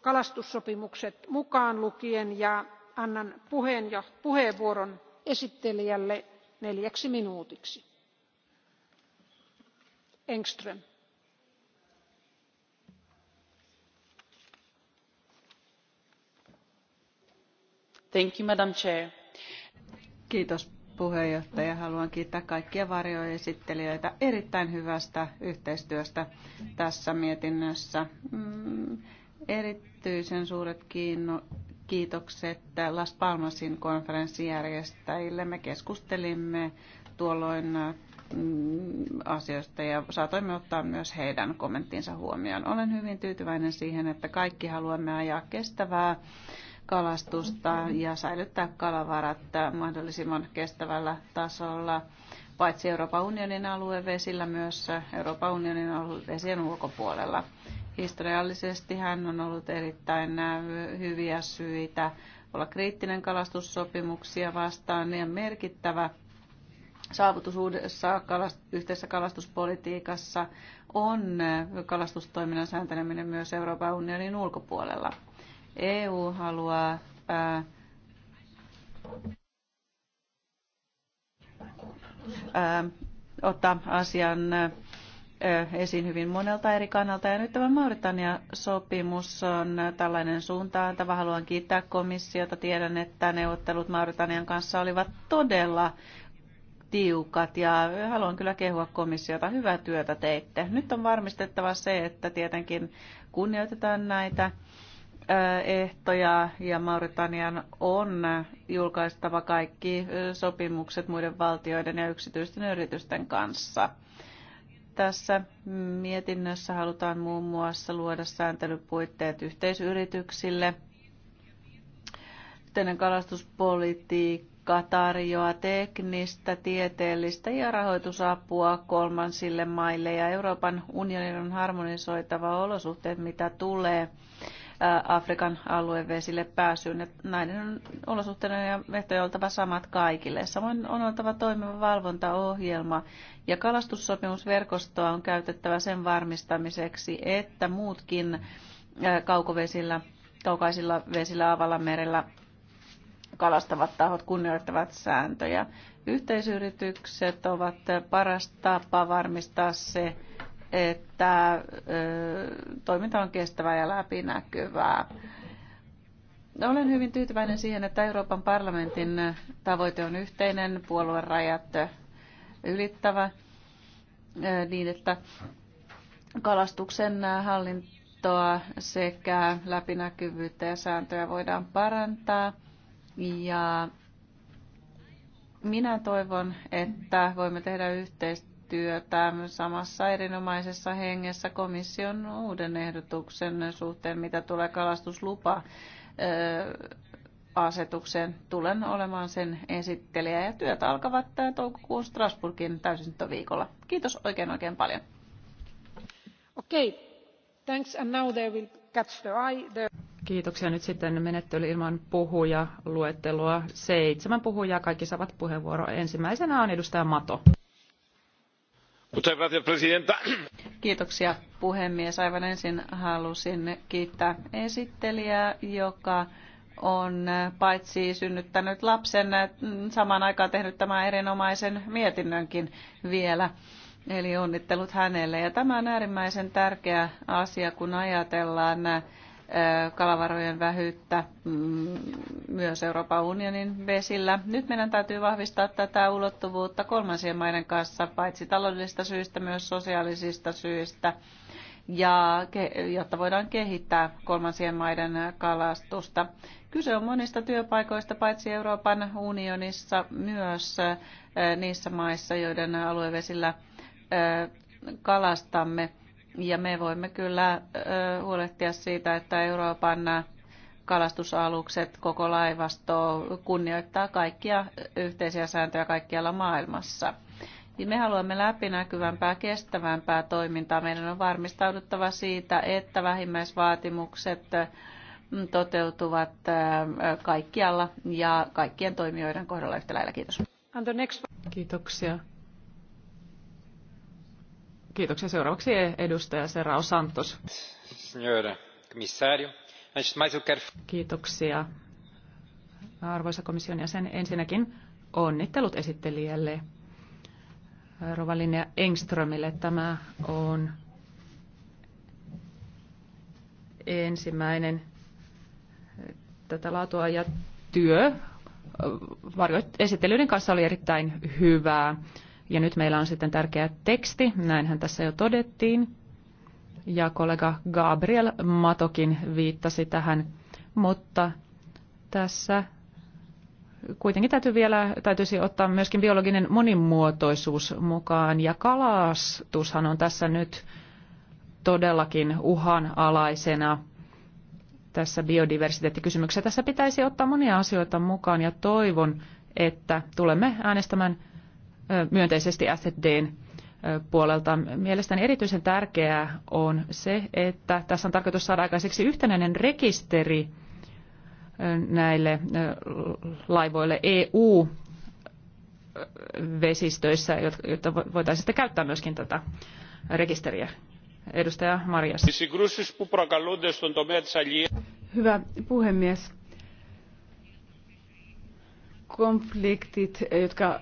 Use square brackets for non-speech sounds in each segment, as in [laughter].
kalastussopimukset mukaan lukien ja annan puheenvuoron esittelijälle neljäksi minuutiksi. engström arvoisa puheenjohtaja. Haluan kiittää kaikkia varjoesittelijöitä erittäin hyvästä yhteistyöstä tässä mietinnössä. Mm, erityisen suuret kiitokset Las Palmasin konferenssijärjestäjille. Me keskustelimme tuolloin mm, asioista ja saatoimme ottaa myös heidän kommenttinsa huomioon. Olen hyvin tyytyväinen siihen, että kaikki haluamme ajaa kestävää kalastusta ja säilyttää kalavarat mahdollisimman kestävällä tasolla paitsi Euroopan unionin aluevesillä myös Euroopan unionin aluevesien ulkopuolella. Historiallisesti hän on ollut erittäin äh, hyviä syitä olla kriittinen kalastussopimuksia vastaan ja merkittävä saavutus uudessa kalast- yhteisessä kalastuspolitiikassa on äh, kalastustoiminnan sääntäneminen myös Euroopan unionin ulkopuolella. EU haluaa ää, äh, ää, ottaa asian esiin hyvin monelta eri kannalta. Ja nyt tämä Mauritania-sopimus on tällainen suuntaantava. Haluan kiittää komissiota. Tiedän, että neuvottelut Mauritanian kanssa olivat todella tiukat ja haluan kyllä kehua komissiota. Hyvää työtä teitte. Nyt on varmistettava se, että tietenkin kunnioitetaan näitä ehtoja ja Mauritanian on julkaistava kaikki sopimukset muiden valtioiden ja yksityisten yritysten kanssa. Tässä mietinnössä halutaan muun muassa luoda sääntelypuitteet yhteisyrityksille. Yhteinen kalastuspolitiikka tarjoaa teknistä, tieteellistä ja rahoitusapua kolmansille maille ja Euroopan unionin on harmonisoitava olosuhteet, mitä tulee Afrikan aluevesille pääsyyn. Näiden olosuhteiden ja on oltava samat kaikille. Samoin on oltava toimiva valvontaohjelma ja kalastussopimusverkostoa on käytettävä sen varmistamiseksi, että muutkin kaukovesillä, kaukaisilla vesillä avalla merellä kalastavat tahot kunnioittavat sääntöjä. Yhteisyritykset ovat paras tapa varmistaa se, että toiminta on kestävää ja läpinäkyvää. Olen hyvin tyytyväinen siihen, että Euroopan parlamentin tavoite on yhteinen, rajat ylittävä, niin että kalastuksen hallintoa sekä läpinäkyvyyttä ja sääntöjä voidaan parantaa. Ja minä toivon, että voimme tehdä yhteistyötä työtä samassa erinomaisessa hengessä komission uuden ehdotuksen suhteen, mitä tulee kalastuslupa asetukseen. Tulen olemaan sen esittelijä ja työt alkavat toukokuun Strasburgin täysintöviikolla. Kiitos oikein oikein paljon. okay. thanks and now they will catch the eye. The... Kiitoksia. Nyt sitten menettely ilman puhuja luettelua. Seitsemän puhujaa. Kaikki saavat puheenvuoro. Ensimmäisenä on edustaja Mato. Kiitoksia puhemies. Aivan ensin halusin kiittää esittelijää, joka on paitsi synnyttänyt lapsen, samaan aikaan tehnyt tämän erinomaisen mietinnönkin vielä. Eli onnittelut hänelle. Ja tämä on äärimmäisen tärkeä asia, kun ajatellaan kalavarojen vähyyttä mm, myös Euroopan unionin vesillä. Nyt meidän täytyy vahvistaa tätä ulottuvuutta kolmansien maiden kanssa, paitsi taloudellisista syistä, myös sosiaalisista syistä, ja jotta voidaan kehittää kolmansien maiden kalastusta. Kyse on monista työpaikoista, paitsi Euroopan unionissa, myös niissä maissa, joiden aluevesillä kalastamme. Ja me voimme kyllä huolehtia siitä, että Euroopan kalastusalukset, koko laivasto kunnioittaa kaikkia yhteisiä sääntöjä kaikkialla maailmassa. Me haluamme läpinäkyvämpää, kestävämpää toimintaa. Meidän on varmistauduttava siitä, että vähimmäisvaatimukset mm, toteutuvat kaikkialla ja kaikkien toimijoiden kohdalla yhtä lailla. Kiitos. Kiitoksia. Kiitoksia. Seuraavaksi edustaja Serao Santos. Kiitoksia. Arvoisa komission jäsen, ensinnäkin onnittelut esittelijälle Rovalinja Engströmille. Tämä on ensimmäinen tätä laatua ja työ esittelyiden kanssa oli erittäin hyvää. Ja nyt meillä on sitten tärkeä teksti, näinhän tässä jo todettiin. Ja kollega Gabriel Matokin viittasi tähän, mutta tässä kuitenkin täytyy vielä, täytyisi ottaa myöskin biologinen monimuotoisuus mukaan. Ja kalastushan on tässä nyt todellakin uhanalaisena tässä biodiversiteettikysymyksessä. Tässä pitäisi ottaa monia asioita mukaan ja toivon, että tulemme äänestämään myönteisesti SDn puolelta. Mielestäni erityisen tärkeää on se, että tässä on tarkoitus saada aikaiseksi yhtenäinen rekisteri näille laivoille EU vesistöissä, jotta voitaisiin sitten käyttää myöskin tätä rekisteriä. Edustaja Marjas. Hyvä puhemies. Konfliktit, jotka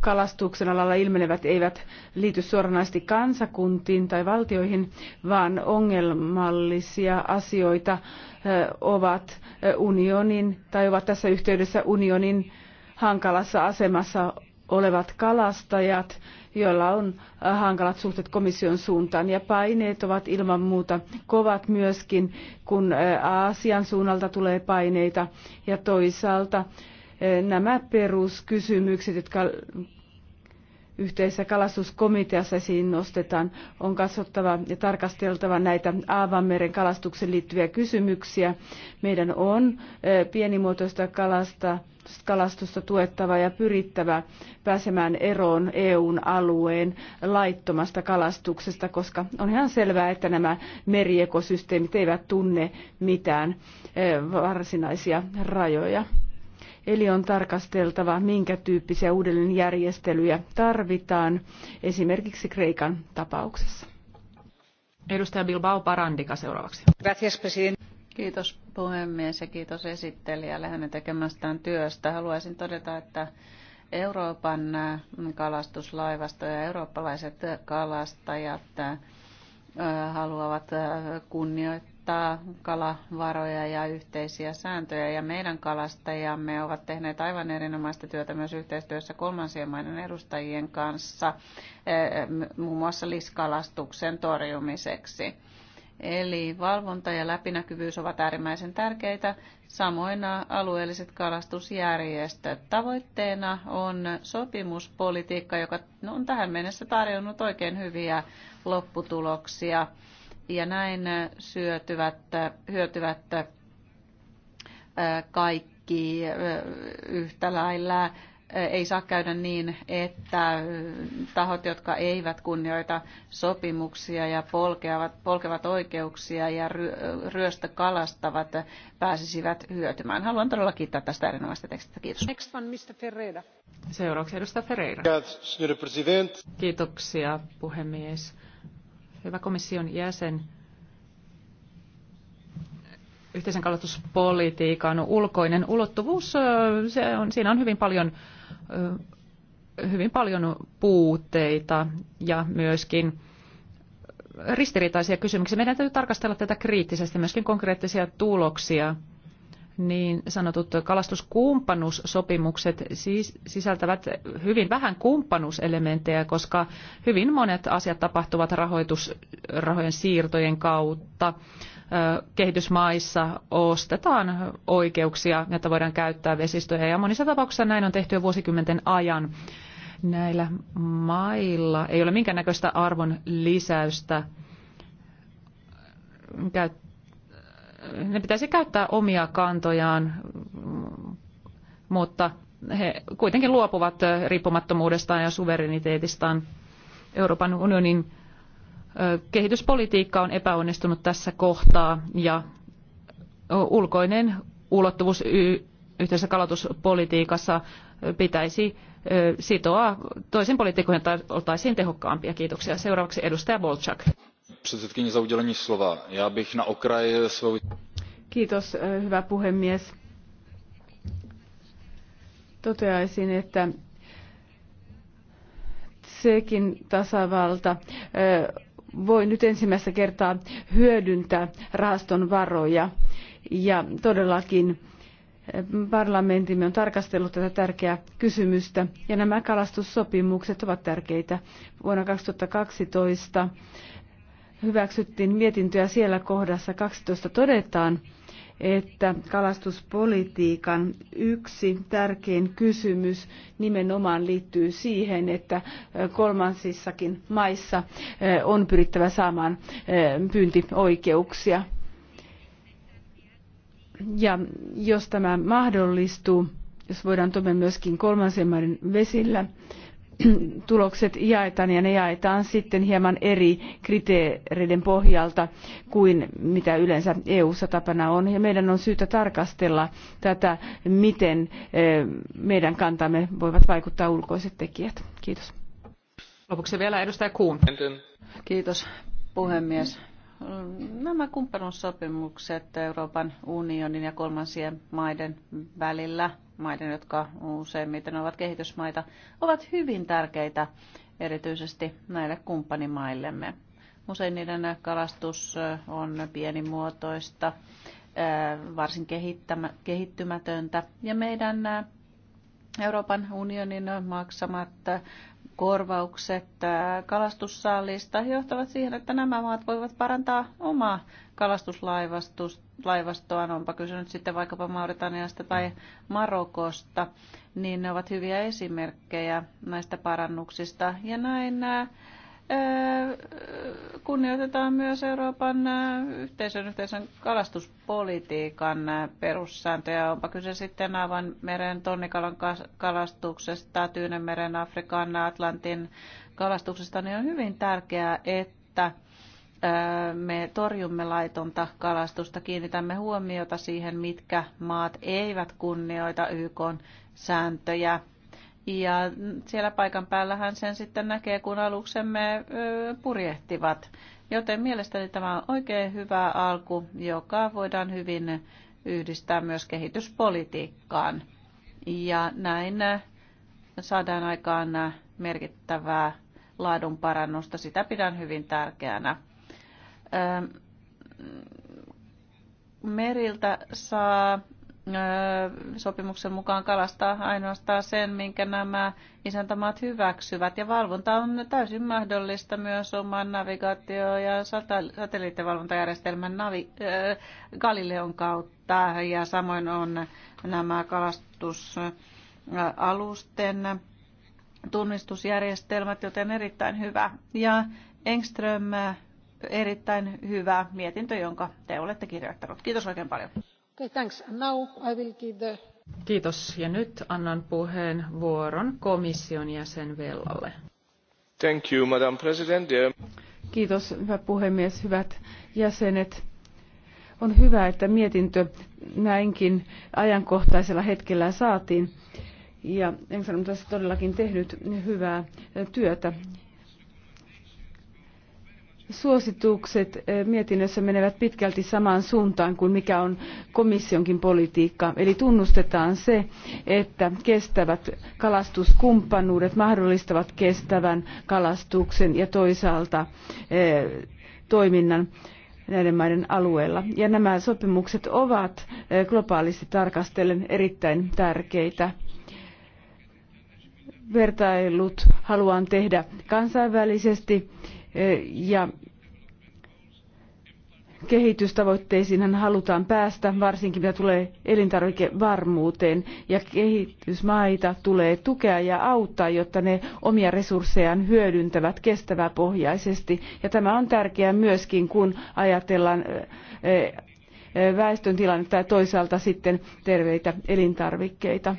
kalastuksen alalla ilmenevät eivät liity suoranaisesti kansakuntiin tai valtioihin, vaan ongelmallisia asioita ovat unionin tai ovat tässä yhteydessä unionin hankalassa asemassa olevat kalastajat, joilla on hankalat suhteet komission suuntaan. Ja paineet ovat ilman muuta kovat myöskin, kun Aasian suunnalta tulee paineita ja toisaalta nämä peruskysymykset, jotka yhteisessä kalastuskomiteassa esiin nostetaan, on katsottava ja tarkasteltava näitä Aavanmeren kalastukseen liittyviä kysymyksiä. Meidän on pienimuotoista kalasta, kalastusta tuettava ja pyrittävä pääsemään eroon EUn alueen laittomasta kalastuksesta, koska on ihan selvää, että nämä meriekosysteemit eivät tunne mitään varsinaisia rajoja. Eli on tarkasteltava, minkä tyyppisiä uudelleenjärjestelyjä tarvitaan esimerkiksi Kreikan tapauksessa. Edustaja Bilbao Parandika seuraavaksi. Kiitos puhemies ja kiitos esittelijälle hänen tekemästään työstä. Haluaisin todeta, että Euroopan kalastuslaivasto ja eurooppalaiset kalastajat haluavat kunnioittaa noudattaa kalavaroja ja yhteisiä sääntöjä. Ja meidän kalastajamme ovat tehneet aivan erinomaista työtä myös yhteistyössä kolmansien maiden edustajien kanssa, eh, muun muassa liskalastuksen torjumiseksi. Eli valvonta ja läpinäkyvyys ovat äärimmäisen tärkeitä, samoin alueelliset kalastusjärjestöt. Tavoitteena on sopimuspolitiikka, joka on tähän mennessä tarjonnut oikein hyviä lopputuloksia ja näin äh, syötyvät, äh, hyötyvät äh, kaikki yhtä lailla. Ei saa käydä niin, että tahot, jotka eivät kunnioita sopimuksia ja polkevat, polkevat oikeuksia ja ryöstä kalastavat, pääsisivät hyötymään. Haluan todella kiittää tästä erinomaisesta tekstistä. Kiitos. Next one, Mr. Ferreira. Seuraavaksi edustaja Ferreira. Kiitoksia, puhemies Hyvä komission jäsen, yhteisen kalastuspolitiikan ulkoinen ulottuvuus, se on, siinä on hyvin paljon, hyvin paljon puutteita ja myöskin ristiriitaisia kysymyksiä. Meidän täytyy tarkastella tätä kriittisesti, myöskin konkreettisia tuloksia – niin sanotut kalastuskumppanuussopimukset siis sisältävät hyvin vähän kumppanuuselementtejä, koska hyvin monet asiat tapahtuvat rahoitusrahojen siirtojen kautta. Kehitysmaissa ostetaan oikeuksia, joita voidaan käyttää vesistöjä ja monissa tapauksissa näin on tehty jo vuosikymmenten ajan. Näillä mailla ei ole minkäännäköistä arvon lisäystä käyttää ne pitäisi käyttää omia kantojaan, mutta he kuitenkin luopuvat riippumattomuudestaan ja suvereniteetistaan. Euroopan unionin kehityspolitiikka on epäonnistunut tässä kohtaa ja ulkoinen ulottuvuus yhteisessä kalatuspolitiikassa pitäisi sitoa toisen poliitikkojen tai oltaisiin tehokkaampia. Kiitoksia. Seuraavaksi edustaja Bolchak předsedkyni Já bych na okraj svého... Eh, puhemies. Toteaisin, että Tsekin tasavalta eh, voi nyt ensimmäistä kertaa hyödyntää rahaston varoja ja todellakin eh, parlamenttimme on tarkastellut tätä tärkeää kysymystä ja nämä kalastussopimukset ovat tärkeitä. Vuonna kaksitoista hyväksyttiin mietintöä siellä kohdassa 12 todetaan, että kalastuspolitiikan yksi tärkein kysymys nimenomaan liittyy siihen, että kolmansissakin maissa eh, on pyrittävä saamaan eh, pyyntioikeuksia. Ja jos tämä mahdollistuu, jos voidaan toimia myöskin kolmansien maiden vesillä, [clears throat] tulokset jaetaan ja ne jaetaan sitten hieman eri kriteereiden pohjalta kuin mitä yleensä EU-ssa tapana on. Ja meidän on syytä tarkastella tätä, miten eh, meidän kantamme voivat vaikuttaa ulkoiset tekijät. Kiitos. Lopuksi vielä edustaja Kuhn. Kiitos puhemies. Nämä kumppanuussopimukset Euroopan unionin ja kolmansien maiden välillä maiden, jotka useimmiten ovat kehitysmaita, ovat hyvin tärkeitä erityisesti näille kumppanimaillemme. Usein niiden kalastus on pienimuotoista, varsin kehittymätöntä ja meidän Euroopan unionin maksamat korvaukset kalastussaalista johtavat siihen, että nämä maat voivat parantaa omaa kalastuslaivastoaan, onpa kysynyt sitten vaikkapa Mauritaniasta tai Marokosta, niin ne ovat hyviä esimerkkejä näistä parannuksista. Ja näin kunnioitetaan myös Euroopan yhteisön, yhteisön kalastuspolitiikan perussääntöjä. Onpa kyse sitten aivan meren tonnikalan kalastuksesta, Tyynemeren, Afrikan, Atlantin kalastuksesta, niin on hyvin tärkeää, että me torjumme laitonta kalastusta, kiinnitämme huomiota siihen, mitkä maat eivät kunnioita YK sääntöjä ja siellä paikan päällä hän sen sitten näkee, kun aluksemme purjehtivat. Joten mielestäni tämä on oikein hyvä alku, joka voidaan hyvin yhdistää myös kehityspolitiikkaan. Ja näin saadaan aikaan merkittävää laadun parannusta. Sitä pidän hyvin tärkeänä. Meriltä saa sopimuksen mukaan kalastaa ainoastaan sen, minkä nämä isäntämaat hyväksyvät. Ja valvonta on täysin mahdollista myös oman navigaatio- ja satelliittivalvontajärjestelmän navi- äh, Galileon kautta. Ja samoin on nämä kalastusalusten tunnistusjärjestelmät, joten erittäin hyvä. Ja Engström, erittäin hyvä mietintö, jonka te olette kirjoittanut. Kiitos oikein paljon. Kiitos. Ja nyt annan puheen vuoron komission jäsen Vellalle. Thank you, Madam President. Kiitos, hyvä puhemies, hyvät jäsenet. On hyvä, että mietintö näinkin ajankohtaisella hetkellä saatiin. Ja Engström on todellakin tehnyt hyvää työtä Suositukset eh, mietinnössä menevät pitkälti samaan suuntaan kuin mikä on komissionkin politiikka. Eli tunnustetaan se, että kestävät kalastuskumppanuudet mahdollistavat kestävän kalastuksen ja toisaalta eh, toiminnan näiden maiden alueella. Ja nämä sopimukset ovat eh, globaalisti tarkastellen erittäin tärkeitä vertailut haluan tehdä kansainvälisesti ja kehitystavoitteisiin halutaan päästä, varsinkin mitä tulee elintarvikevarmuuteen, ja kehitysmaita tulee tukea ja auttaa, jotta ne omia resurssejaan hyödyntävät kestäväpohjaisesti. Ja tämä on tärkeää myöskin, kun ajatellaan väestön tilannetta ja toisaalta sitten terveitä elintarvikkeita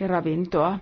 ja ravintoa.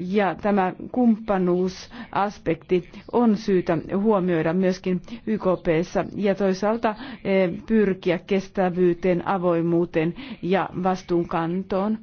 Ja tämä kumppanuusaspekti on syytä huomioida myöskin YKPssä ja toisaalta eh, pyrkiä kestävyyteen, avoimuuteen ja vastuunkantoon.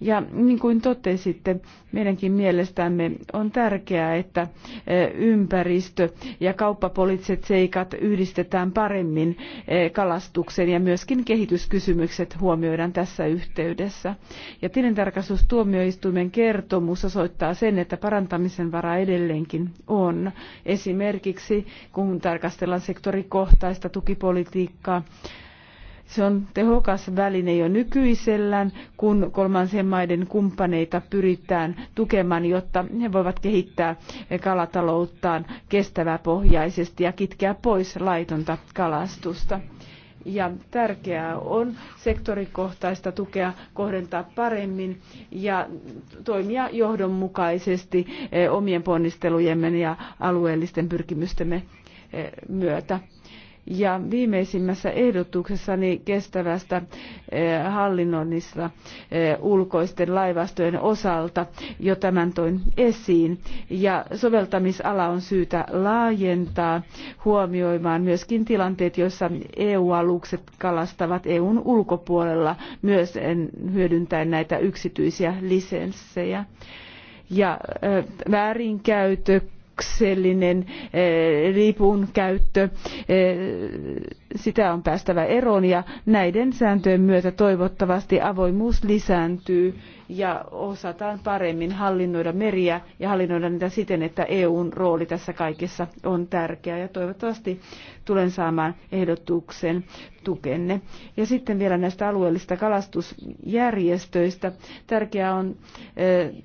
Ja niin kuin totesitte, meidänkin mielestämme on tärkeää, että e, ympäristö- ja kauppapoliittiset seikat yhdistetään paremmin e, kalastuksen ja myöskin kehityskysymykset huomioidaan tässä yhteydessä. Ja tilintarkastustuomioistuimen kertomus osoittaa sen, että parantamisen vara edelleenkin on. Esimerkiksi kun tarkastellaan sektorikohtaista tukipolitiikkaa, se on tehokas väline jo nykyisellään, kun kolmansien maiden kumppaneita pyritään tukemaan, jotta he voivat kehittää kalatalouttaan kestäväpohjaisesti ja kitkeä pois laitonta kalastusta ja tärkeää on sektorikohtaista tukea kohdentaa paremmin ja toimia johdonmukaisesti eh, omien ponnistelujemme ja alueellisten pyrkimystemme eh, myötä. Ja viimeisimmässä ehdotuksessani kestävästä eh, hallinnoinnista eh, ulkoisten laivastojen osalta jo tämän toin esiin. Ja soveltamisala on syytä laajentaa huomioimaan myöskin tilanteet, joissa EU-alukset kalastavat EUn ulkopuolella myös hyödyntäen näitä yksityisiä lisenssejä ja eh, väärinkäytöksiä paradoksellinen lipun eh, käyttö. Eh, sitä on päästävä eroon ja näiden sääntöjen myötä toivottavasti avoimuus lisääntyy ja osataan paremmin hallinnoida meriä ja hallinnoida niitä siten, että EUn rooli tässä kaikessa on tärkeä ja toivottavasti tulen saamaan ehdotuksen tukenne. Ja sitten vielä näistä alueellista kalastusjärjestöistä. Tärkeää on eh,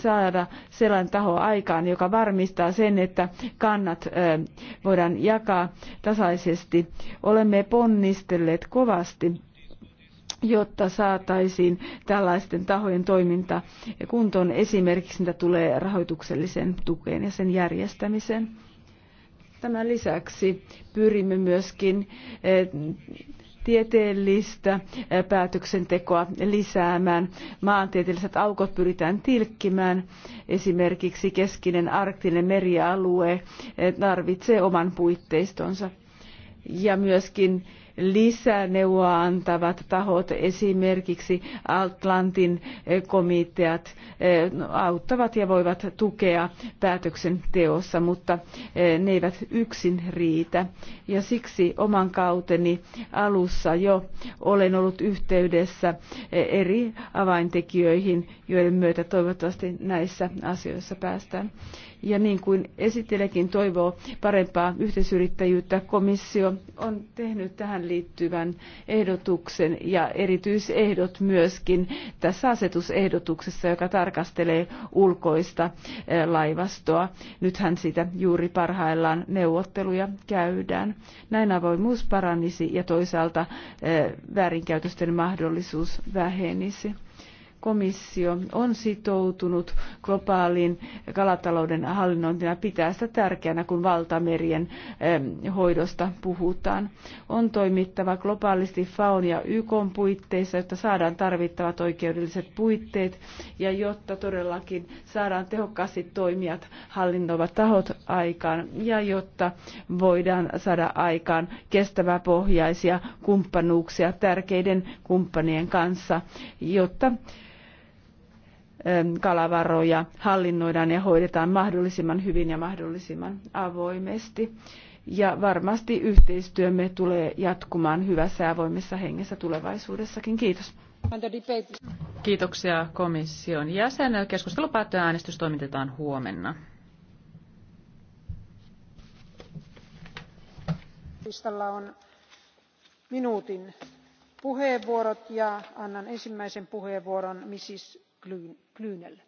saada sellainen taho aikaan, joka varmistaa sen, että kannat voidaan jakaa tasaisesti. Olemme ponnistelleet kovasti jotta saataisiin tällaisten tahojen toiminta kuntoon. Esimerkiksi mitä tulee rahoitukselliseen tukeen ja sen järjestämiseen. Tämän lisäksi pyrimme myöskin tieteellistä päätöksentekoa lisäämään. Maantieteelliset aukot pyritään tilkkimään. Esimerkiksi keskinen arktinen merialue tarvitsee oman puitteistonsa. Ja myöskin lisäneuvoa antavat tahot, esimerkiksi Atlantin eh, komiteat, eh, auttavat ja voivat tukea päätöksenteossa, mutta eh, ne eivät yksin riitä. Ja siksi oman kauteni alussa jo olen ollut yhteydessä eri avaintekijöihin, joiden myötä toivottavasti näissä asioissa päästään ja niin kuin esittelekin toivoo parempaa yhteisyrittäjyyttä, komissio on tehnyt tähän liittyvän ehdotuksen ja erityisehdot myöskin tässä asetusehdotuksessa, joka tarkastelee ulkoista eh, laivastoa. Nythän sitä juuri parhaillaan neuvotteluja käydään. Näin avoimuus paranisi ja toisaalta eh, väärinkäytösten mahdollisuus vähenisi komissio on sitoutunut globaalin kalatalouden hallinnointiin ja pitää sitä tärkeänä, kun valtamerien hoidosta puhutaan. On toimittava globaalisti FAON ja YK puitteissa, jotta saadaan tarvittavat oikeudelliset puitteet ja jotta todellakin saadaan tehokkaasti toimijat hallinnoivat tahot aikaan ja jotta voidaan saada aikaan kestäväpohjaisia kumppanuuksia tärkeiden kumppanien kanssa, jotta Ähm, kalavaroja hallinnoidaan ja hoidetaan mahdollisimman hyvin ja mahdollisimman avoimesti. Ja varmasti yhteistyömme tulee jatkumaan hyvässä ja avoimessa hengessä tulevaisuudessakin. Kiitos. Kiitoksia komission jäsenelle. Keskustelu päättyy ja äänestys toimitetaan huomenna. listalla on minuutin puheenvuorot ja annan ensimmäisen puheenvuoron mrs glyn klynel.